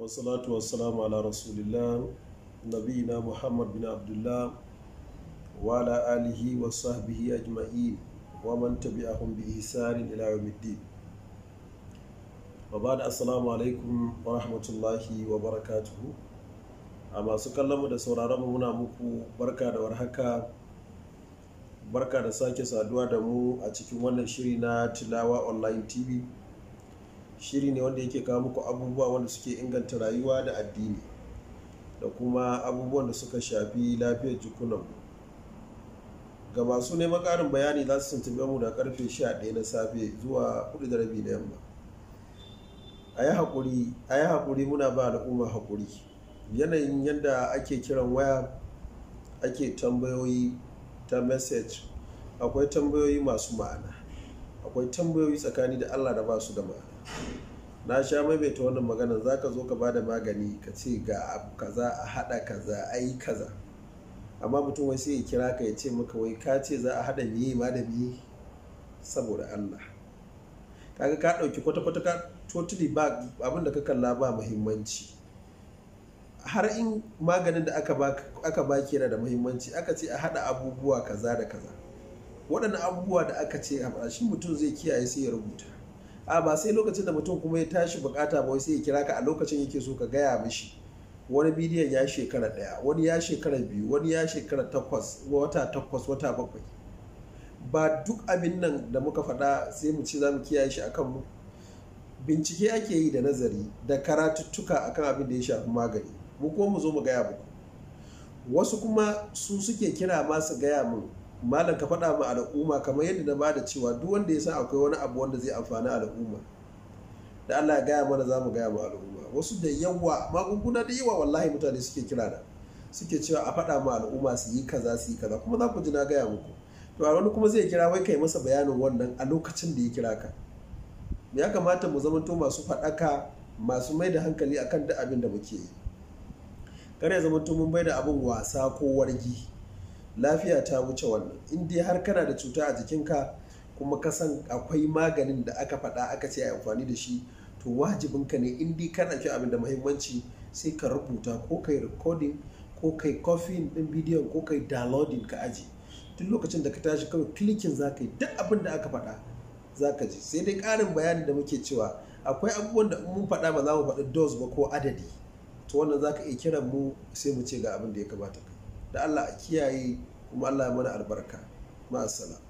wasalatu wasalamu ala rasulillah nabiyina muhammad bin abdullah wa ala alihi wa sahbihi ajma'in wa man tabi'ahum bi ihsanin ila yawmiddin wa ba'da assalamu alaikum wa rahmatullahi wa barakatuhu a masu kallon mu da sauraron mu muna muku barka da warhaka barka da sake saduwa da mu a cikin wannan shiri na tilawa online tv shiri ne wanda yake kawo muku abubuwa wanda suke inganta rayuwa da addini da kuma abubuwan da suka shafi lafiyar mu ga masu neman ƙarin bayani za su tuntube mu da karfe 11 na safe zuwa 4:30 na yamma a yi haƙuri muna ba al'umma haƙuri yanayin yadda ake kiran waya ake tambayoyi ta message akwai tambayoyi masu ma'ana akwai tambayoyi tsakani da allah da ba su da ma'ana na sha maimaita wannan magana za ka zo ka bada magani ka ce ga abu kaza a haɗa kaza a yi kaza amma mutum wai sai ya kira ka ya ce maka wai ka ce za a haɗa miye ma da miye saboda allah kaga ka ɗauki kwata-kwata ka totally ba abin da ka kalla ba muhimmanci har in maganin da aka baki yana da muhimmanci aka ce a haɗa abubuwa kaza da kaza waɗannan abubuwa da aka ce a shi mutum zai kiyaye sai ya rubuta a ba sai lokacin da mutum kuma ya tashi bukata ba sai ya kira ka a lokacin yake so ka gaya mishi wani bidiyon ya shekara daya wani ya shekara biyu wani ya shekara takwas wata takwas wata bakwai ba duk abin nan da muka faɗa sai mu ci za mu kiyaye shi akan mu bincike ake yi da nazari da karatuttuka akan abin da ya shafi magani mu kuma mu zo mu gaya muku wasu kuma su suke kira ma su gaya mu malam ka faɗa ma al'umma kamar yadda na bada cewa duk wanda ya sa akwai wani abu wanda zai amfani al'umma da Allah ya gaya mana za mu gaya ma al'umma wasu da yawa magunguna da yawa wallahi mutane suke kira da suke cewa a faɗa ma al'umma su yi kaza su yi kaza kuma za ku ji na gaya muku to a wani kuma zai kira wai kai masa bayanin wannan a lokacin da ya kira ka ya kamata mu zamanto masu faɗaka masu mai da hankali akan duk abin da muke yi kar ya zamanto mun bai da abin wasa ko wargi lafiya ta wuce wannan in dai har kana da cuta a jikinka kuma kasan akwai maganin da aka faɗa aka ce a amfani da shi to wajibin ka ne in dai ka ɗauki abin da muhimmanci sai ka rubuta ko kai recording ko kai kofin ɗin bidiyon ko kai downloading ka aji duk lokacin da ka tashi kawai clicking za ka yi duk abin da aka faɗa za ka ji sai dai ƙarin bayanin da muke cewa akwai abubuwan da mun faɗa ba za mu faɗi dose ba ko adadi to wannan za ka iya kiran mu sai mu ce ga abin da ya kamata ka da Allah a kiyaye kuma Allah ya mana albarka ma'asala